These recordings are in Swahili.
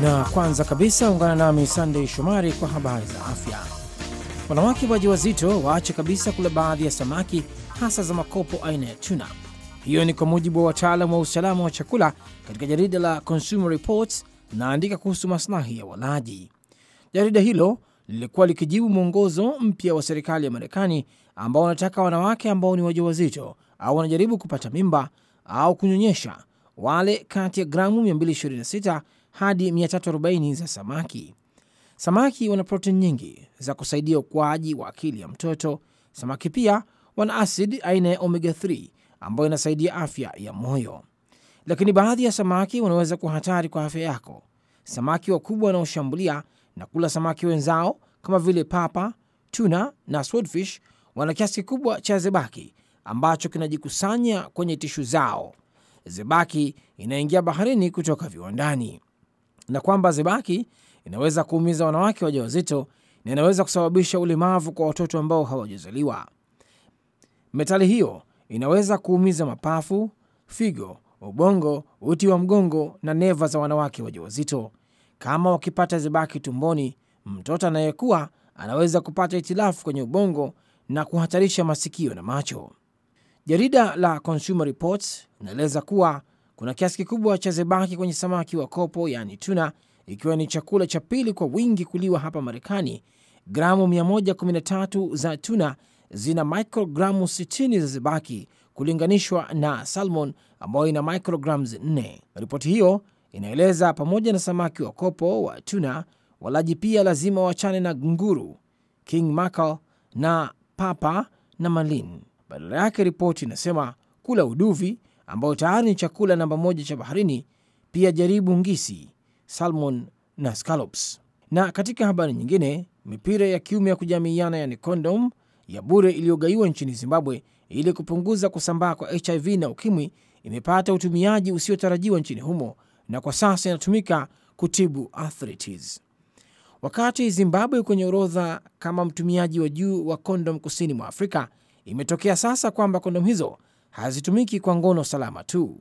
na kwanza kabisa ungana nami Sandey Shomari kwa habari za afya. Wanawake wazito waache kabisa kula baadhi ya samaki, hasa za makopo aina ya tuna. Hiyo ni kwa mujibu wa wataalam wa usalama wa chakula katika jarida la Consumer Reports linaandika kuhusu maslahi ya walaji. Jarida hilo lilikuwa likijibu mwongozo mpya wa serikali ya Marekani ambao wanataka wanawake ambao ni waja wazito au wanajaribu kupata mimba au kunyonyesha wale kati ya gramu 226 hadi 340 za samaki. Samaki wana protein nyingi za kusaidia ukuaji wa akili ya mtoto. Samaki pia wana asidi aina ya omega 3 ambayo inasaidia afya ya moyo, lakini baadhi ya samaki wanaweza kuwa hatari kwa afya yako. Samaki wakubwa wanaoshambulia na kula samaki wenzao kama vile papa, tuna na swordfish wana kiasi kikubwa cha zebaki ambacho kinajikusanya kwenye tishu zao. Zebaki inaingia baharini kutoka viwandani na kwamba zebaki inaweza kuumiza wanawake wajawazito na inaweza kusababisha ulemavu kwa watoto ambao hawajazaliwa. Metali hiyo inaweza kuumiza mapafu, figo, ubongo, uti wa mgongo na neva za wanawake wajawazito. Kama wakipata zebaki tumboni, mtoto anayekuwa anaweza kupata itilafu kwenye ubongo na kuhatarisha masikio na macho. Jarida la Consumer Reports inaeleza kuwa kuna kiasi kikubwa cha zebaki kwenye samaki wa kopo, yani tuna, ikiwa ni chakula cha pili kwa wingi kuliwa hapa Marekani. Gramu 113 za tuna zina mikrogramu 60 za zebaki kulinganishwa na salmon ambayo ina micrograms 4. Ripoti hiyo inaeleza, pamoja na samaki wa kopo wa tuna, walaji pia lazima wachane na nguru, king mackerel na papa na malin. Badala yake, ripoti inasema kula uduvi ambayo tayari ni chakula namba moja cha baharini. Pia jaribu ngisi, salmon na scallops. Na katika habari nyingine, mipira ya kiume ya kujamiiana yani condom ya bure iliyogaiwa nchini Zimbabwe ili kupunguza kusambaa kwa HIV na ukimwi imepata utumiaji usiotarajiwa nchini humo na kwa sasa inatumika kutibu arthritis. Wakati Zimbabwe kwenye orodha kama mtumiaji wa juu wa kondom kusini mwa Afrika, imetokea sasa kwamba kondom hizo hazitumiki kwa ngono salama tu.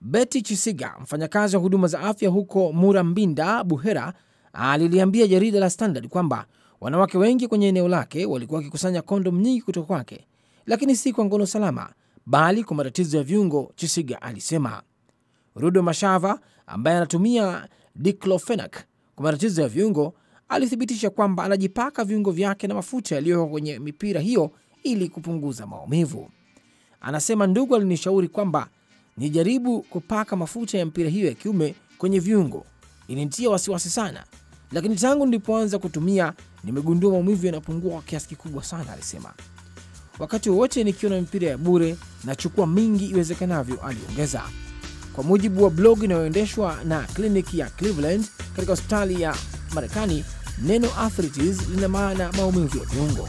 beti Chisiga, mfanyakazi wa huduma za afya huko Murambinda, Buhera, aliliambia jarida la Standard kwamba wanawake wengi kwenye eneo lake walikuwa wakikusanya kondom nyingi kutoka kwake, lakini si kwa ngono salama, bali kwa matatizo ya viungo. Chisiga alisema Rudo Mashava ambaye anatumia diclofenac kwa matatizo ya viungo alithibitisha kwamba anajipaka viungo vyake na mafuta yaliyoko kwenye mipira hiyo ili kupunguza maumivu. Anasema ndugu alinishauri kwamba nijaribu kupaka mafuta ya mpira hiyo ya kiume kwenye viungo. Ilinitia wasiwasi sana, lakini tangu nilipoanza kutumia nimegundua maumivu yanapungua kwa kiasi kikubwa sana, alisema. Wakati wowote nikiona mipira ya bure nachukua mingi iwezekanavyo, aliongeza. Kwa mujibu wa blog inayoendeshwa na kliniki ya Cleveland katika hospitali ya Marekani, neno arthritis lina maana maumivu ya viungo.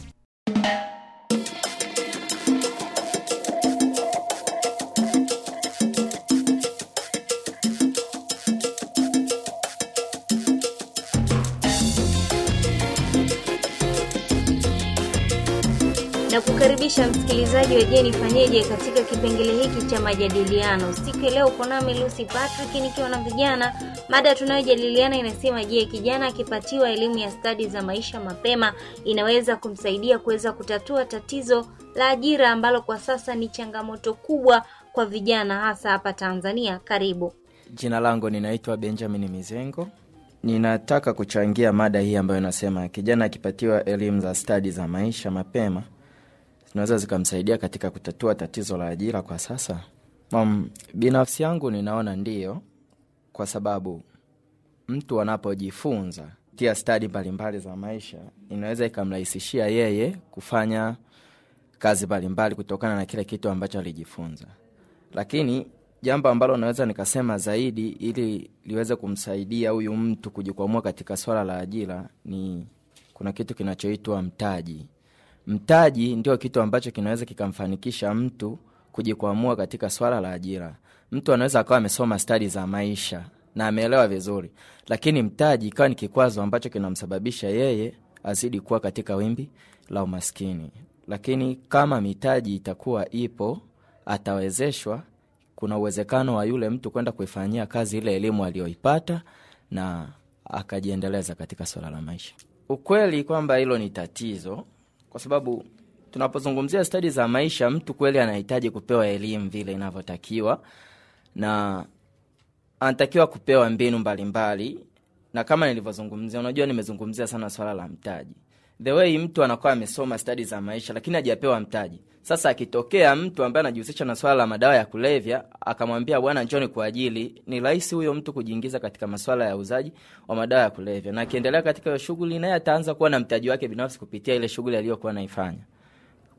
kukaribisha msikilizaji wa jeni fanyeje katika kipengele hiki cha majadiliano. Siku leo uko nami Lucy Patrick nikiwa na vijana. Mada tunayojadiliana inasema, je, kijana akipatiwa elimu ya stadi za maisha mapema inaweza kumsaidia kuweza kutatua tatizo la ajira ambalo kwa sasa ni changamoto kubwa kwa vijana hasa hapa Tanzania? Karibu. Jina langu ninaitwa Benjamin Mizengo. Ninataka kuchangia mada hii ambayo inasema kijana akipatiwa elimu za stadi za maisha mapema zinaweza zikamsaidia katika kutatua tatizo la ajira kwa sasa? Um, binafsi yangu ninaona ndiyo, kwa sababu mtu anapojifunza tia stadi mbalimbali za maisha inaweza ikamrahisishia yeye kufanya kazi mbalimbali kutokana na kile kitu ambacho alijifunza. Lakini jambo ambalo naweza nikasema zaidi ili liweze kumsaidia huyu mtu kujikwamua katika swala la ajira ni kuna kitu kinachoitwa mtaji. Mtaji ndio kitu ambacho kinaweza kikamfanikisha mtu kujikwamua katika swala la ajira. Mtu anaweza akawa amesoma stadi za maisha na ameelewa vizuri, lakini mtaji ikawa ni kikwazo ambacho kinamsababisha yeye azidi kuwa katika wimbi la umaskini. Lakini kama mitaji itakuwa ipo, atawezeshwa, kuna uwezekano wa yule mtu kwenda kuifanyia kazi ile elimu aliyoipata na akajiendeleza katika swala la maisha. Ukweli kwamba hilo ni tatizo kwa sababu tunapozungumzia stadi za maisha, mtu kweli anahitaji kupewa elimu vile inavyotakiwa, na anatakiwa kupewa mbinu mbalimbali mbali. Na kama nilivyozungumzia, unajua nimezungumzia sana swala la mtaji the way mtu anakuwa amesoma stadi za maisha lakini hajapewa mtaji. Sasa akitokea mtu ambaye anajihusisha na swala la madawa ya kulevya akamwambia bwana, njoni kwa ajili, ni rahisi huyo mtu kujiingiza katika maswala ya uzaji wa madawa ya kulevya, na akiendelea katika hiyo shughuli, naye ataanza kuwa na mtaji wake binafsi kupitia ile shughuli aliyokuwa naifanya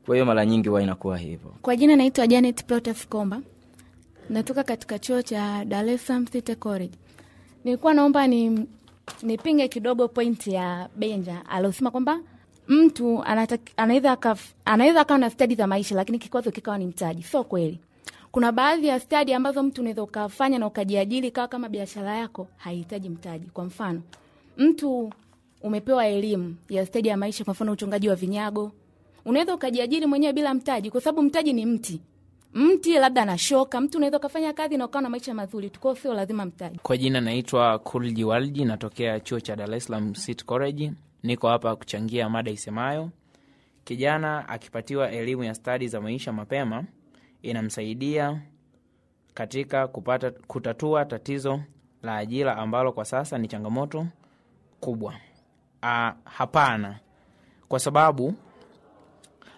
Kwa hiyo mara nyingi huwa inakuwa hivyo. Kwa jina naitwa Janet plotef Komba, natoka katika chuo cha Dar City College. Nilikuwa naomba ni nipinge kidogo pointi ya Benja aliosema kwamba mtu anaweza akawa na stadi za maisha, lakini kikwazo kikawa ni mtaji. Sio kweli. Kuna baadhi ya stadi ambazo mtu unaweza ukafanya na ukajiajiri kawa kama biashara yako, haihitaji mtaji. Kwa mfano, mtu umepewa elimu ya stadi ya maisha, kwa mfano uchongaji wa vinyago, unaweza ukajiajiri mwenyewe bila mtaji, kwa sababu mtaji ni mti mti labda anashoka mtu unaweza ukafanya kazi na ukawa na maisha mazuri tuko, sio lazima mtaji. Kwa jina naitwa Kulji Walji, natokea chuo cha Dar es Salaam City College. Niko hapa kuchangia mada isemayo kijana akipatiwa elimu ya stadi za maisha mapema inamsaidia katika kupata, kutatua tatizo la ajira ambalo kwa sasa ni changamoto kubwa. A, hapana, kwa sababu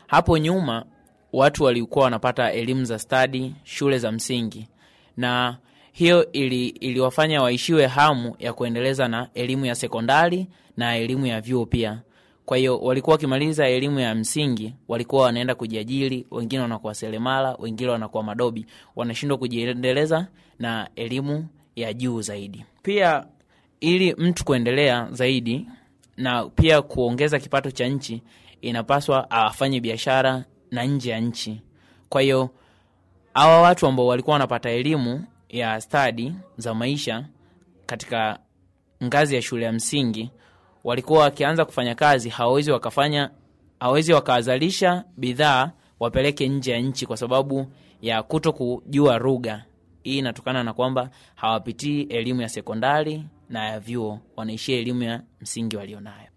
hapo nyuma watu walikuwa wanapata elimu za stadi shule za msingi na hiyo ili, iliwafanya waishiwe hamu ya kuendeleza na elimu ya sekondari na elimu ya vyuo pia. Kwa hiyo walikuwa wakimaliza elimu ya msingi walikuwa wanaenda kujiajiri, wengine wanakuwa selemala wengine wanakuwa madobi, wanashindwa kujiendeleza na elimu ya juu zaidi. Pia ili mtu kuendelea zaidi na pia kuongeza kipato cha nchi, inapaswa afanye biashara na nje ya nchi. Kwa hiyo awa watu ambao walikuwa wanapata elimu ya stadi za maisha katika ngazi ya shule ya msingi walikuwa wakianza kufanya kazi hawawezi wakafanya hawawezi wakazalisha bidhaa wapeleke nje ya nchi kwa sababu ya kuto kujua lugha. Hii inatokana na kwamba hawapitii elimu ya sekondari na ya vyuo, wanaishia elimu ya msingi walionayo.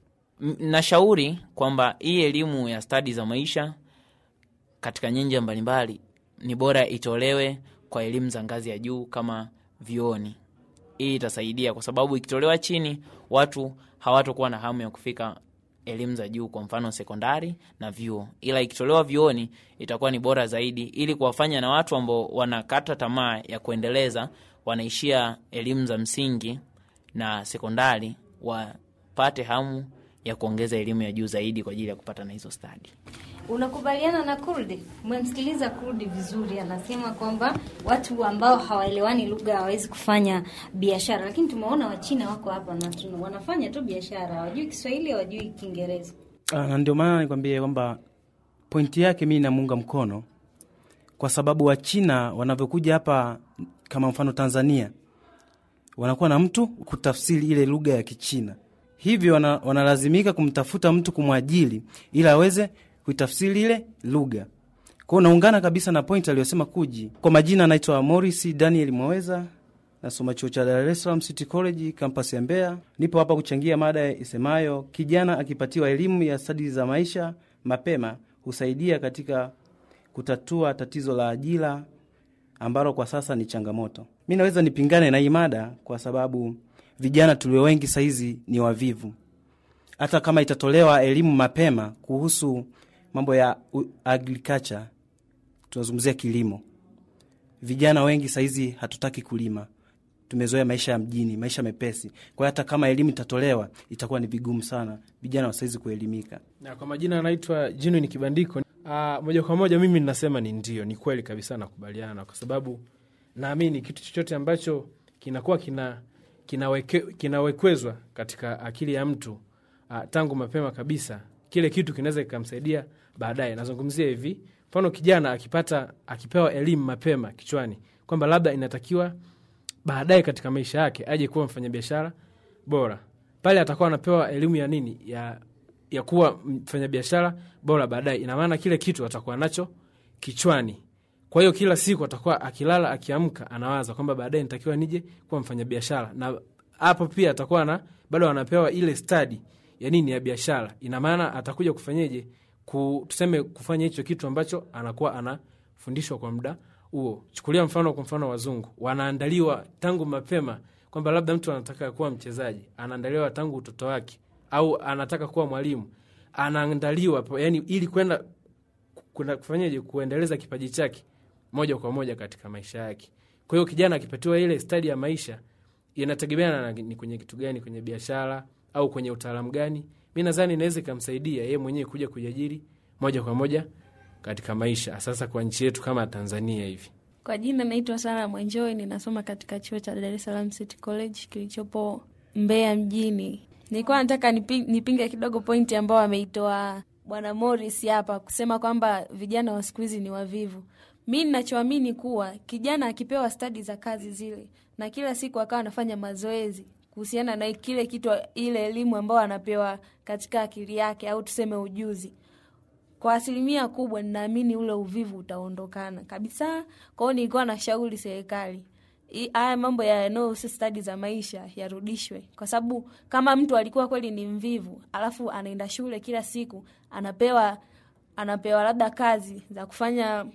Nashauri kwamba hii elimu ya stadi za maisha katika nyanja mbalimbali ni bora itolewe kwa elimu za ngazi ya juu kama vioni Hii itasaidia kwa sababu ikitolewa chini, watu hawatokuwa na hamu ya kufika elimu za juu, kwa mfano sekondari na vyuo, ila ikitolewa vyuoni itakuwa ni bora zaidi, ili kuwafanya na watu ambao wanakata tamaa ya kuendeleza, wanaishia elimu za msingi na sekondari, wapate hamu ya kuongeza elimu ya juu zaidi kwa ajili ya kupata na hizo stadi. Unakubaliana na Kurdi? Umemsikiliza Kurdi vizuri, anasema kwamba watu ambao hawaelewani lugha hawawezi kufanya biashara, lakini tumeona Wachina wako hapa na wanafanya tu biashara, hawajui Kiswahili, hawajui Kiingereza. Ah, na ndio maana nikwambie kwamba pointi yake mimi namuunga mkono, kwa sababu Wachina wanavyokuja hapa, kama mfano Tanzania, wanakuwa na mtu kutafsiri ile lugha ya Kichina, hivyo wanalazimika kumtafuta mtu kumwajili ili aweze kuitafsiri ile lugha. Kwa hiyo naungana kabisa na point aliyosema Kuji. Kwa majina anaitwa Morris Daniel Mwaweza, nasoma chuo cha Dar es Salaam City College kampasi ya Mbeya. Nipo hapa kuchangia mada isemayo kijana akipatiwa elimu ya stadi za maisha mapema husaidia katika kutatua tatizo la ajira ambalo kwa sasa ni changamoto. Mi naweza nipingane na hii mada kwa sababu vijana tulio wengi sahizi ni wavivu. Hata kama itatolewa elimu mapema kuhusu mambo ya agriculture, tunazungumzia kilimo. Vijana wengi sahizi hatutaki kulima, tumezoea maisha ya mjini, maisha mepesi. Kwa hiyo hata kama elimu itatolewa itakuwa ni vigumu sana vijana wasahizi kuelimika. Na kwa majina anaitwa Jinu ni Kibandiko. Aa, ah, moja kwa moja mimi ninasema ni ndio, ni kweli kabisa, nakubaliana kwa sababu naamini kitu chochote ambacho kinakuwa kina kinaweke, kinawekwezwa katika akili ya mtu uh, tangu mapema kabisa, kile kitu kinaweza kikamsaidia baadaye. Nazungumzia hivi, mfano kijana akipata akipewa elimu mapema kichwani kwamba labda inatakiwa baadaye katika maisha yake aje kuwa mfanyabiashara bora, pale atakuwa anapewa elimu ya nini ya, ya kuwa mfanyabiashara bora baadaye. inamaana kile kitu atakuwa nacho kichwani. Kwa hiyo kila siku atakuwa akilala, akiamka, anawaza kwamba baadaye nitakiwa nije kuwa mfanyabiashara, na hapo pia atakuwa na bado anapewa ile stadi ya nini ya biashara. inamaana atakuja kufanyeje ku, tuseme kufanya hicho kitu ambacho anakuwa anafundishwa kwa muda huo. Chukulia mfano kwa mfano, wazungu wanaandaliwa tangu mapema kwamba labda mtu anataka kuwa mchezaji, anaandaliwa tangu utoto wake, au anataka kuwa mwalimu, anaandaliwa yani, ili kwenda kufanyaje, kuendeleza kipaji chake moja kwa moja katika maisha yake. Kwa hiyo kijana akipatiwa ile stadi ya maisha, inategemeana ni kwenye kitu gani, kwenye biashara au kwenye utaalamu gani mi nadhani inaweza ikamsaidia yeye mwenyewe kuja kujiajiri moja kwa moja katika maisha, sasa kwa nchi yetu kama Tanzania hivi. Kwa jina naitwa Sara Mwenjoi, ninasoma katika chuo cha Dar es Salaam City College kilichopo Mbeya mjini. Nilikuwa nataka nipinge kidogo pointi ambayo ameitoa Bwana Morris hapa kusema kwamba vijana wa siku hizi ni wavivu. Mi ninachoamini kuwa kijana akipewa stadi za kazi zile na kila siku akawa anafanya mazoezi, kuhusiana na kile kitu, ile elimu ambayo anapewa katika akili yake au tuseme ujuzi kwa asilimia kubwa ninaamini ule uvivu utaondokana kabisa. kwao nilikuwa na shauri serikali haya mambo ya no stadi za maisha yarudishwe, kwa sababu kama mtu alikuwa kweli ni mvivu, alafu anaenda shule kila siku, anapewa anapewa labda kazi za kufanya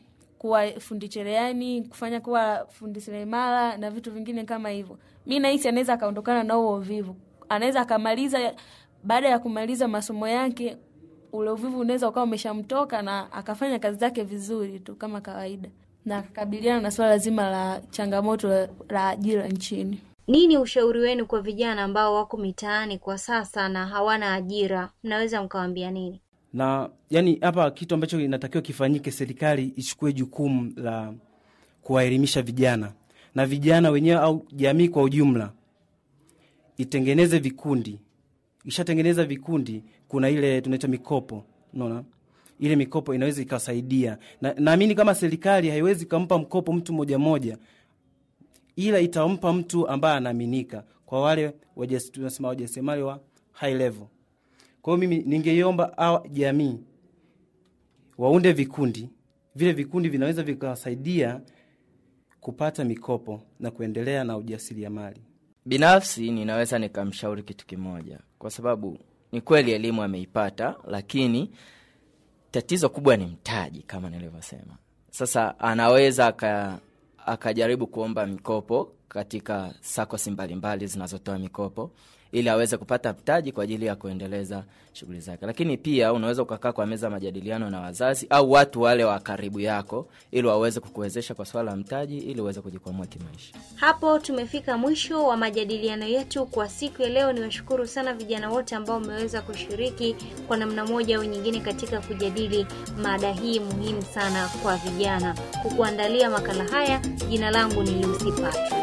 kuwa fundi cherehani, kufanya kuwa fundi seremala na vitu vingine kama hivyo. Mi nahisi anaweza akaondokana na uo uvivu, anaweza akamaliza, baada ya kumaliza masomo yake ule uvivu unaweza ukawa umeshamtoka na akafanya kazi zake vizuri tu kama kawaida, na akakabiliana na swala zima la changamoto la ajira nchini. Nini ushauri wenu kwa vijana ambao wako mitaani kwa sasa na hawana ajira? Mnaweza mkawambia nini? na yani, hapa kitu ambacho inatakiwa kifanyike, serikali ichukue jukumu la kuwaelimisha vijana na vijana wenyewe au jamii kwa ujumla, itengeneze vikundi. Ishatengeneza vikundi, kuna ile tunaita mikopo, unaona ile mikopo inaweza ikasaidia, na naamini kama serikali haiwezi kampa mkopo mtu moja moja, ila itampa mtu ambaye anaaminika, kwa wale tunasema wajasiriamali wa high level kwa hiyo mimi ningeiomba awa jamii waunde vikundi, vile vikundi vinaweza vikawasaidia kupata mikopo na kuendelea na ujasiriamali. Binafsi ninaweza nikamshauri kitu kimoja, kwa sababu ni kweli elimu ameipata, lakini tatizo kubwa ni mtaji, kama nilivyosema. Sasa anaweza aka, akajaribu kuomba mikopo katika sakosi mbalimbali zinazotoa mikopo ili aweze kupata mtaji kwa ajili ya kuendeleza shughuli zake. Lakini pia unaweza ukakaa kwa meza majadiliano na wazazi au watu wale wa karibu yako ili waweze kukuwezesha kwa swala la mtaji ili uweze kujikwamua kimaisha. Hapo tumefika mwisho wa majadiliano yetu kwa siku ya leo. Niwashukuru sana vijana wote ambao umeweza kushiriki kwa namna moja au nyingine katika kujadili mada hii muhimu sana kwa vijana. Kukuandalia makala haya, jina langu ni Lucy Patrick.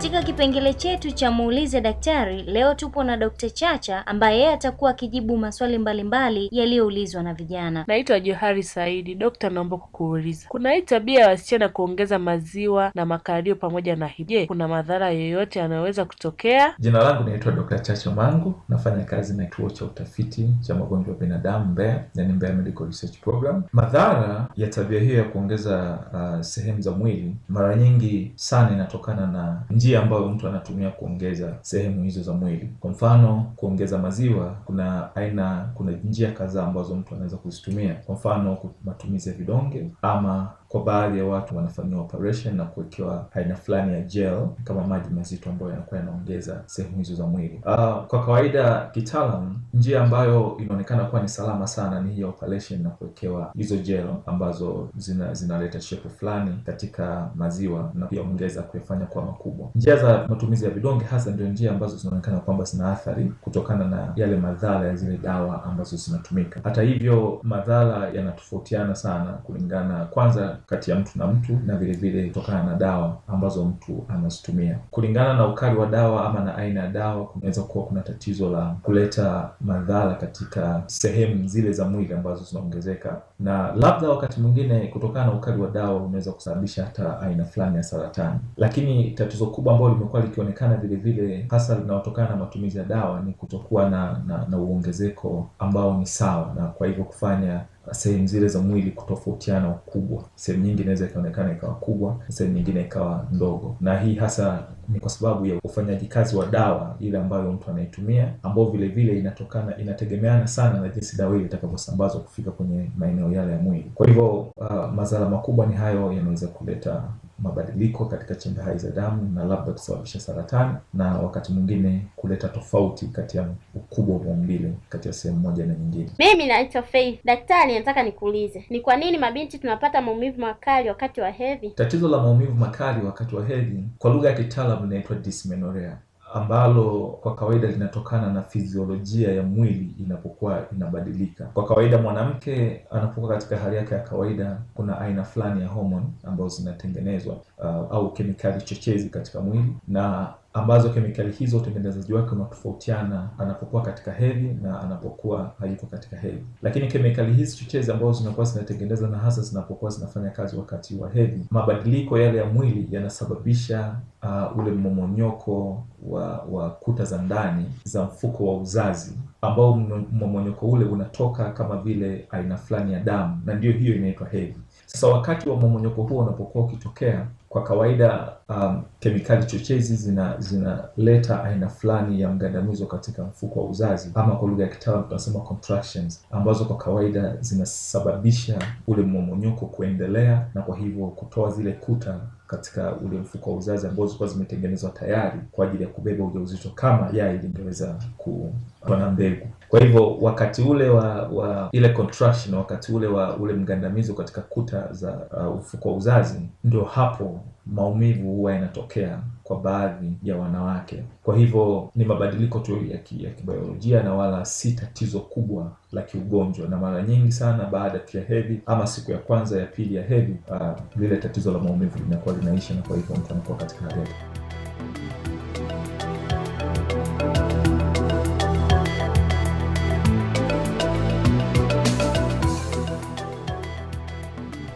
Katika kipengele chetu cha muulize daktari leo tupo na Dr. Chacha ambaye yeye atakuwa akijibu maswali mbalimbali yaliyoulizwa na vijana. Naitwa Johari Saidi. Dokta, naomba kukuuliza, kuna hii tabia ya wasichana kuongeza maziwa na makario pamoja na hili, kuna madhara yoyote yanayoweza kutokea? Jina langu naitwa Dr. Chacha Mangu, nafanya kazi na kituo cha utafiti cha magonjwa ya binadamu Mbeya, yani Mbeya Medical Research Program. Madhara ya tabia hiyo ya kuongeza uh, sehemu za mwili mara nyingi sana inatokana na njia njia ambayo mtu anatumia kuongeza sehemu hizo za mwili. Kwa mfano, kuongeza maziwa, kuna aina, kuna njia kadhaa ambazo mtu anaweza kuzitumia, kwa mfano matumizi ya vidonge ama kwa baadhi ya watu wanafanyiwa operation na kuwekewa aina fulani ya gel kama maji mazito ambayo yanakuwa yanaongeza sehemu hizo za mwili. Uh, kwa kawaida kitaalam, njia ambayo inaonekana kuwa ni salama sana ni hiyo operation na kuwekewa hizo gel ambazo zina zinaleta shepu fulani katika maziwa na pia ongeza kuyafanya kuwa makubwa. Njia za matumizi ya vidonge hasa ndio njia ambazo zinaonekana kwamba zina athari kutokana na yale madhara ya zile dawa ambazo zinatumika. Hata hivyo, madhara yanatofautiana sana kulingana kwanza kati ya mtu na mtu na vilevile kutokana na dawa ambazo mtu anazitumia. Kulingana na ukali wa dawa ama na aina ya dawa, kunaweza kuwa kuna tatizo la kuleta madhara katika sehemu zile za mwili ambazo zinaongezeka, na labda wakati mwingine kutokana na ukali wa dawa unaweza kusababisha hata aina fulani ya saratani. Lakini tatizo kubwa ambalo limekuwa likionekana vilevile, hasa linaotokana na matumizi ya dawa, ni kutokuwa na, na, na uongezeko ambao ni sawa, na kwa hivyo kufanya sehemu zile za mwili kutofautiana ukubwa. Sehemu nyingi inaweza ikaonekana ikawa kubwa, sehemu nyingine ikawa ndogo, na hii hasa ni kwa sababu ya ufanyaji kazi wa dawa ile ambayo mtu anaitumia, ambayo vile vile inatokana inategemeana sana na jinsi dawa ile itakavyosambazwa kufika kwenye maeneo yale ya mwili. Kwa hivyo uh, madhara makubwa ni hayo yanaweza kuleta mabadiliko katika chembe hai za damu na labda kusababisha saratani na wakati mwingine kuleta tofauti kati ya ukubwa wa maumbile kati ya sehemu moja na nyingine. Mimi naitwa Faith. Daktari, nataka nikuulize ni kwa nini mabinti tunapata maumivu makali wakati wa hedhi? Tatizo la maumivu makali wakati wa hedhi kwa lugha ya kitaalamu inaitwa dysmenorrhea ambalo kwa kawaida linatokana na fiziolojia ya mwili inapokuwa inabadilika. Kwa kawaida mwanamke anapokuwa katika hali yake ya kawaida, kuna aina fulani ya homoni ambazo zinatengenezwa uh, au kemikali chochezi katika mwili na ambazo kemikali hizo utengenezaji wake unatofautiana anapokuwa katika hedhi na anapokuwa hayuko katika hedhi. Lakini kemikali hizi chochezi ambazo zinakuwa zinatengeneza na hasa zinapokuwa zinafanya kazi wakati wa hedhi, mabadiliko yale ya mwili yanasababisha uh, ule mmomonyoko wa, wa kuta za ndani za mfuko wa uzazi ambao mmomonyoko ule unatoka kama vile aina fulani ya damu, na ndio hiyo inaitwa hedhi. Sasa wakati wa mmomonyoko huo unapokuwa ukitokea kwa kawaida um, kemikali chochezi zina zinaleta aina fulani ya mgandamizo katika mfuko wa uzazi ama kwa lugha ya kitaalamu tunasema contractions, ambazo kwa kawaida zinasababisha ule mmomonyoko kuendelea na kwa hivyo kutoa zile kuta katika ule mfuko wa uzazi ambao zilikuwa zimetengenezwa tayari kwa ajili ya kubeba ujauzito kama yai lingeweza ku pana mbegu. Kwa hivyo wakati ule wa, wa ile contraction, wakati ule wa ule mgandamizo katika kuta za uh, ufuko wa uzazi, ndio hapo maumivu huwa yanatokea kwa baadhi ya wanawake. Kwa hivyo ni mabadiliko tu ya kibiolojia na wala si tatizo kubwa la kiugonjwa, na mara nyingi sana baada tu ya hedhi ama siku ya kwanza ya pili ya hedhi, uh, lile tatizo la maumivu linakuwa linaisha, na kwa hivyo mtu anakuwa katika hedhi.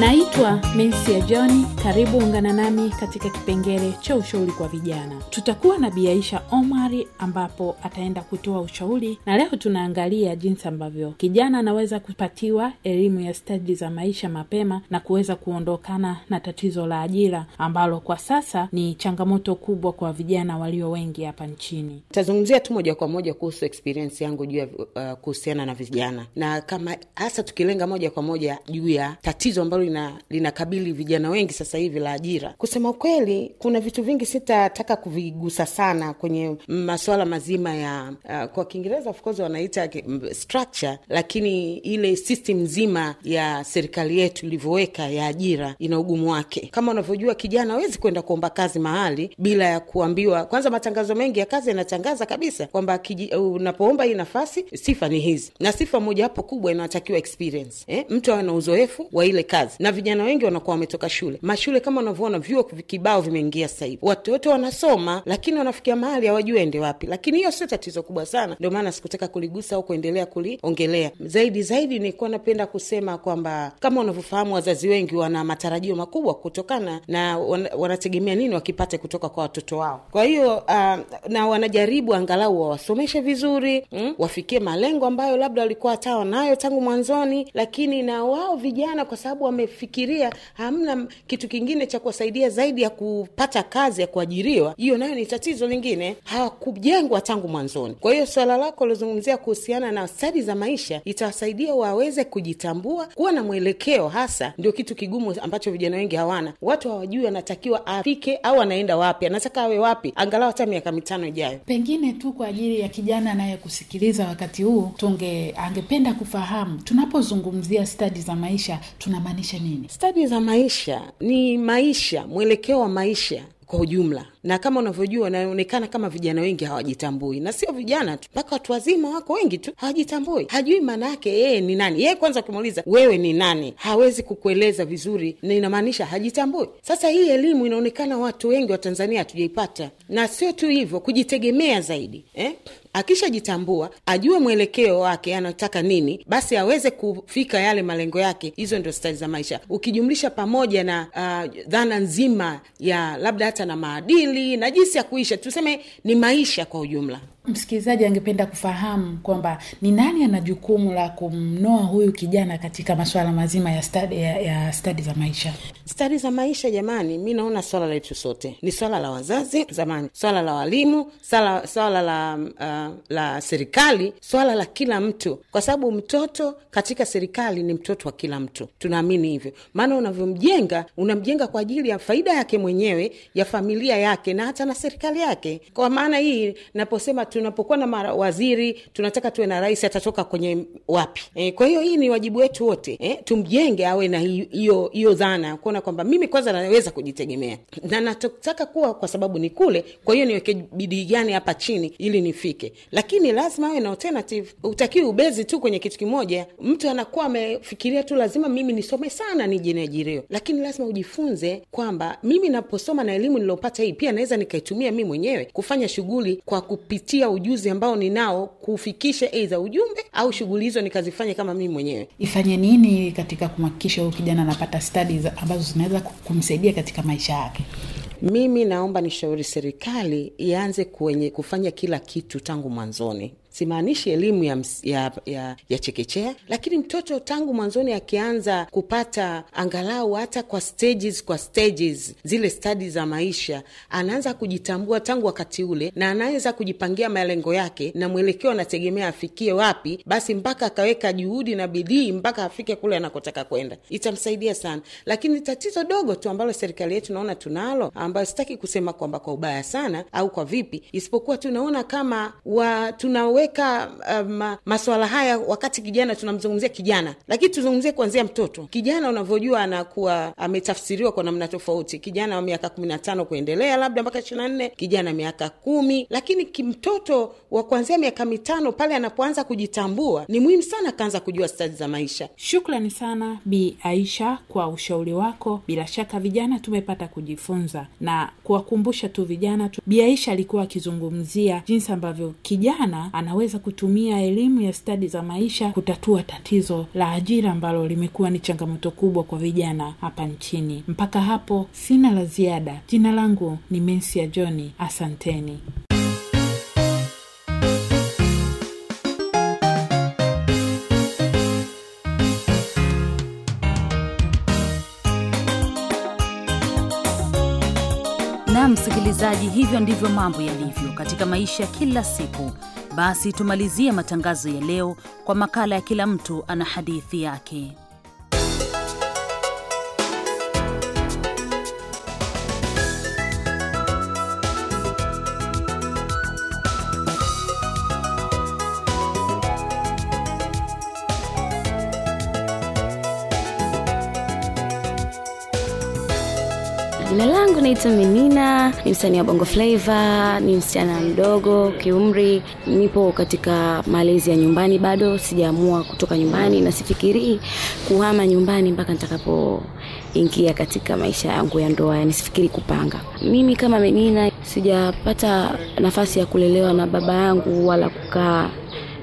Naitwa Mensia John, karibu ungana nami katika kipengele cha ushauri kwa vijana. Tutakuwa na Bi Aisha Omari ambapo ataenda kutoa ushauri, na leo tunaangalia jinsi ambavyo kijana anaweza kupatiwa elimu ya stadi za maisha mapema na kuweza kuondokana na tatizo la ajira ambalo kwa sasa ni changamoto kubwa kwa vijana walio wengi hapa nchini. Tazungumzia tu moja kwa moja kuhusu experience yangu juu ya uh, kuhusiana na vijana na kama hasa tukilenga moja kwa moja juu ya tatizo ambalo lina linakabili vijana wengi sasa hivi la ajira. Kusema ukweli, kuna vitu vingi sitataka kuvigusa sana kwenye masuala mazima ya uh, kwa Kiingereza wanaita structure, lakini ile system nzima ya serikali yetu ilivyoweka ya ajira ina ugumu wake. Kama unavyojua, kijana awezi kwenda kuomba kazi mahali bila ya kuambiwa kwanza. Matangazo mengi ya kazi yanatangaza kabisa kwamba uh, unapoomba hii nafasi, sifa ni hizi, na sifa moja hapo kubwa inatakiwa experience eh, mtu awe na uzoefu wa ile kazi na vijana wengi wanakuwa wametoka shule. Mashule kama unavyoona, vyuo kibao vimeingia sasa hivi, watoto wanasoma, lakini wanafikia mahali hawajui aende wapi. Lakini hiyo sio tatizo kubwa sana, ndio maana sikutaka kuligusa au kuendelea kuliongelea zaidi. Zaidi nilikuwa napenda kusema kwamba kama unavyofahamu, wazazi wengi wana matarajio makubwa kutokana na wanategemea nini wakipate kutoka kwa watoto wao. Kwa hiyo uh, na wanajaribu angalau wawasomeshe vizuri mm, wafikie malengo ambayo labda walikuwa hata wanayo tangu mwanzoni, lakini na wao vijana kwa sababu wame mngefikiria hamna kitu kingine cha kuwasaidia zaidi ya kupata kazi ya kuajiriwa, hiyo nayo ni tatizo lingine, hawakujengwa tangu mwanzoni. Kwa hiyo swala lako lilozungumzia kuhusiana na stadi za maisha itawasaidia waweze kujitambua, kuwa na mwelekeo, hasa ndio kitu kigumu ambacho vijana wengi hawana. Watu hawajui anatakiwa afike au anaenda wapi, anataka awe wapi, angalau hata miaka mitano ijayo. Pengine tu kwa ajili ya kijana anayekusikiliza wakati huu, tunge angependa kufahamu tunapozungumzia stadi za maisha tunamaanisha nini? Stadi za maisha ni maisha, mwelekeo wa maisha kwa ujumla na kama unavyojua, naonekana kama vijana wengi hawajitambui, na sio vijana tu, mpaka watu wazima wako wengi tu hawajitambui, hajui maana yake yeye ni nani. Yeye kwanza ukimuuliza wewe ni nani, hawezi kukueleza vizuri, na inamaanisha hajitambui. Sasa hii elimu inaonekana watu wengi wa Tanzania hatujaipata, na sio tu hivyo, kujitegemea zaidi eh? Akishajitambua ajue mwelekeo wake, anataka nini, basi aweze kufika yale malengo yake. Hizo ndio stali za maisha, ukijumlisha pamoja na uh, dhana nzima ya labda hata na maadili akili na jinsi ya kuisha, tuseme ni maisha kwa ujumla msikilizaji angependa kufahamu kwamba ni nani ana jukumu la kumnoa huyu kijana katika maswala mazima ya stadi, ya, ya stadi za maisha. Stadi za maisha, jamani, mi naona swala letu sote ni swala la wazazi zamani, swala la walimu, swala, swala la uh, la serikali, swala la kila mtu, kwa sababu mtoto katika serikali ni mtoto wa kila mtu. Tunaamini hivyo, maana unavyomjenga unamjenga kwa ajili ya faida yake mwenyewe, ya familia yake, na hata na serikali yake. Kwa maana hii naposema tu tunapokuwa na waziri tunataka tuwe na rais, atatoka kwenye wapi? E, kwa hiyo hii ni wajibu wetu wote e, tumjenge awe na hiyo hiyo dhana ya kuona kwamba mimi kwanza naweza kujitegemea na nataka kuwa kwa sababu ni kule, kwa hiyo niweke bidii gani hapa chini ili nifike, lakini lazima awe na alternative. Utakiwi ubezi tu kwenye kitu kimoja. Mtu anakuwa amefikiria tu lazima mimi nisome sana nije niajiriwe, lakini lazima ujifunze kwamba mimi naposoma na elimu niliopata hii pia naweza nikaitumia mimi mwenyewe kufanya shughuli kwa kupitia kupitia ujuzi ambao ninao kufikisha za ujumbe au shughuli hizo nikazifanye kama mimi mwenyewe. Ifanye nini katika kumhakikisha huyu kijana anapata stadi ambazo zinaweza kumsaidia katika maisha yake? Mimi naomba nishauri serikali ianze kwenye kufanya kila kitu tangu mwanzoni simaanishi elimu ya, ya, ya, ya chekechea, lakini mtoto tangu mwanzoni akianza kupata angalau hata kwa stages, kwa stages zile stadi za maisha, anaanza kujitambua tangu wakati ule, na anaweza kujipangia malengo yake na mwelekeo anategemea afikie wapi, basi mpaka akaweka juhudi na bidii mpaka afike kule anakotaka kwenda, itamsaidia sana. Lakini tatizo dogo tu ambalo serikali yetu naona tunalo, ambayo sitaki kusema kwamba kwa ubaya sana au kwa vipi, isipokuwa tunaona kama wa tunaweka kuweka um, eh, masuala haya wakati kijana tunamzungumzia kijana, lakini tuzungumzie kuanzia mtoto. Kijana unavyojua anakuwa ametafsiriwa kwa namna tofauti, kijana wa miaka kumi na tano kuendelea labda mpaka ishirini nne kijana miaka kumi, lakini kimtoto wa kuanzia miaka mitano pale anapoanza kujitambua ni muhimu sana akaanza kujua stadi za maisha. Shukrani sana Bi Aisha kwa ushauri wako. Bila shaka vijana tumepata kujifunza na kuwakumbusha tu vijana tu. Bi Aisha alikuwa akizungumzia jinsi ambavyo kijana ana anaweza kutumia elimu ya stadi za maisha kutatua tatizo la ajira ambalo limekuwa ni changamoto kubwa kwa vijana hapa nchini. Mpaka hapo sina la ziada. Jina langu ni Mensia Johni, asanteni. Msikilizaji, hivyo ndivyo mambo yalivyo katika maisha kila siku. Basi tumalizie matangazo ya leo kwa makala ya kila mtu ana hadithi yake. Jina langu naitwa Menina, ni msanii wa Bongo Flava, ni msichana mdogo kiumri, nipo katika malezi ya nyumbani, bado sijaamua kutoka nyumbani na sifikirii kuhama nyumbani mpaka nitakapoingia katika maisha yangu ya ndoa, yani sifikiri kupanga. Mimi kama Menina sijapata nafasi ya kulelewa na baba yangu wala kukaa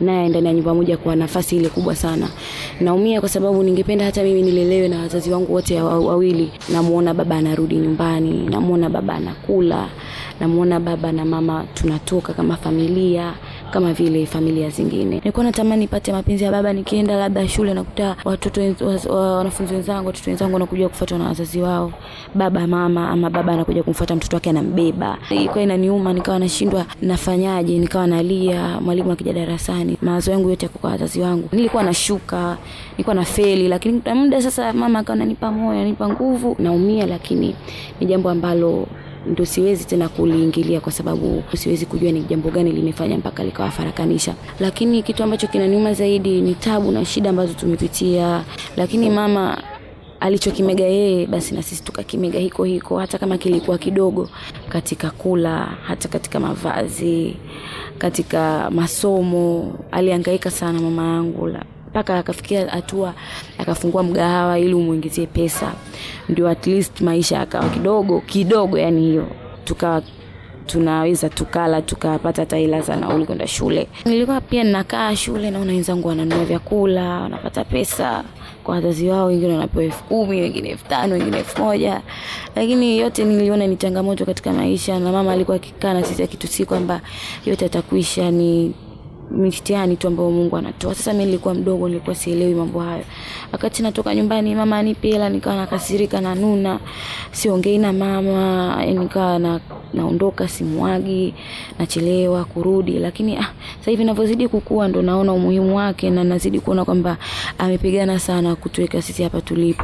naye ndani ya nyumba moja kwa nafasi ile kubwa sana. Naumia kwa sababu ningependa hata mimi nilelewe na wazazi wangu wote wawili. Namuona baba anarudi nyumbani, namuona baba anakula, namuona baba na mama tunatoka kama familia kama vile familia zingine. Nilikuwa natamani nipate mapenzi ya baba, nikienda labda shule nakuta watoto wanafunzi wenzangu, watoto wenzangu wanakuja kufuatwa na wazazi wao, baba mama, ama baba anakuja kumfuata mtoto wake anambeba. Ilikuwa inaniuma, nikawa nashindwa nafanyaje, nikawa nalia. Mwalimu akija darasani, mawazo yangu yote yako kwa wazazi wangu. Nilikuwa nashuka, nilikuwa na feli, lakini muda sasa mama akawa ananipa moyo, ananipa nguvu. Naumia, lakini ni jambo ambalo ndo siwezi tena kuliingilia kwa sababu siwezi kujua ni jambo gani limefanya mpaka likawafarakanisha. Lakini kitu ambacho kinaniuma zaidi ni tabu na shida ambazo tumepitia, lakini mama alichokimega yeye basi na sisi tukakimega hiko hiko, hata kama kilikuwa kidogo, katika kula, hata katika mavazi, katika masomo. aliangaika sana mama yangu mpaka akafikia hatua akafungua mgahawa ili umuingizie pesa, ndio at least maisha akawa kidogo kidogo, yani hiyo tukawa tunaweza tukala tukapata hata hela za nauli kwenda shule. Nilikuwa pia ninakaa shule, naona wenzangu wananua vyakula, wanapata pesa kwa wazazi wao, wengine wanapewa elfu kumi, wengine elfu tano, wengine elfu moja, lakini yote niliona ni changamoto katika maisha, na mama alikuwa akikaa na sisi akitusii kwamba yote atakuisha ni mitihani tu ambayo Mungu anatoa. Sasa mimi nilikuwa mdogo, nilikuwa sielewi mambo hayo. Wakati natoka nyumbani, mama anipe hela, nikawa nakasirika na nuna, siongei na mama, eh, nikawa na naondoka, simwagi, nachelewa kurudi. Lakini ah, sasa hivi ninavyozidi kukua ndo naona umuhimu wake na nazidi kuona kwamba amepigana sana kutuweka sisi hapa tulipo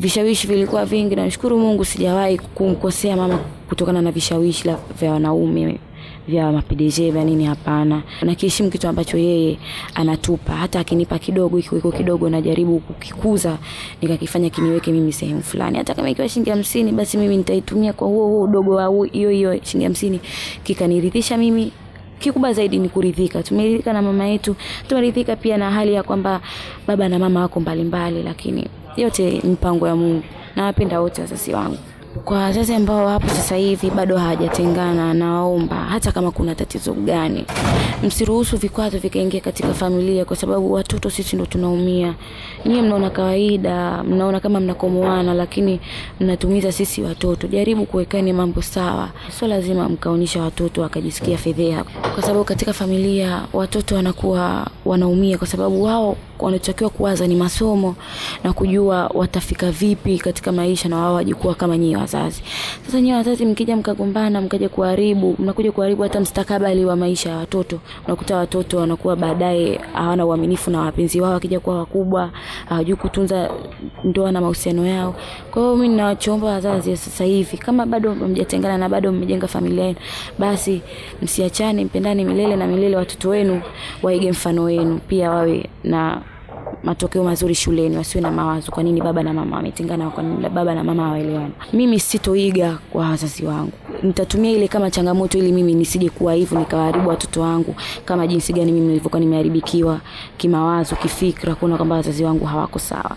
vishawishi vilikuwa vingi. Namshukuru Mungu sijawahi kumkosea mama kutokana na vishawishi vya wanaume vya mapidejee vya nini, hapana. Nakiheshimu kitu ambacho yeye anatupa, hata akinipa kidogo, ikiweko kidogo, najaribu kukikuza nikakifanya kiniweke mimi sehemu fulani, hata kama ikiwa shilingi hamsini, basi mimi nitaitumia kwa huo huo udogo wa hiyo hiyo shilingi hamsini, kikaniridhisha mimi kikubwa zaidi ni kuridhika. Tumeridhika na mama yetu, tumeridhika pia na hali ya kwamba baba na mama wako mbalimbali, lakini yote mpango ya Mungu. Nawapenda wote wazazi wangu kwa wazazi ambao hapo sasa hivi bado hawajatengana, nawaomba hata kama kuna tatizo gani, msiruhusu vikwazo vikaingia katika familia, kwa sababu watoto sisi ndo tunaumia. Nyie mnaona kawaida, mnaona kama mnakomoana, lakini mnatumiza sisi watoto. Jaribu kuwekani mambo sawa, sio lazima mkaonyesha watoto wakajisikia fedheha, kwa sababu katika familia watoto wanakuwa wanaumia, kwa sababu wao wanachotakiwa kuwaza ni masomo na kujua watafika vipi katika maisha, na wao wajikuwa kama nyie wazazi. Sasa nyinyi wazazi mkija mkagombana, mkaja kuharibu, mnakuja kuharibu hata mstakabali wa maisha ya watoto. Unakuta watoto wanakuwa baadaye hawana uaminifu na wapenzi wao, wakija kuwa wakubwa hawajui kutunza ndoa na mahusiano yao. Kwa hiyo mimi ninawachomba wazazi sasa hivi, kama bado hamjatengana na bado mmejenga familia yenu, basi msiachane, mpendane milele na milele. Watoto wenu waige mfano wenu, pia wawe na matokeo mazuri shuleni wasiwe na mawazo kwa nini baba na mama wametengana kwa nini baba na mama hawaelewani mimi sitoiga kwa wazazi wangu nitatumia ile kama changamoto ili mimi nisije kuwa hivyo nikawaharibu watoto wangu kama jinsi gani mimi nilivyokuwa nimeharibikiwa kimawazo kifikra kuona kwamba wazazi wangu hawako sawa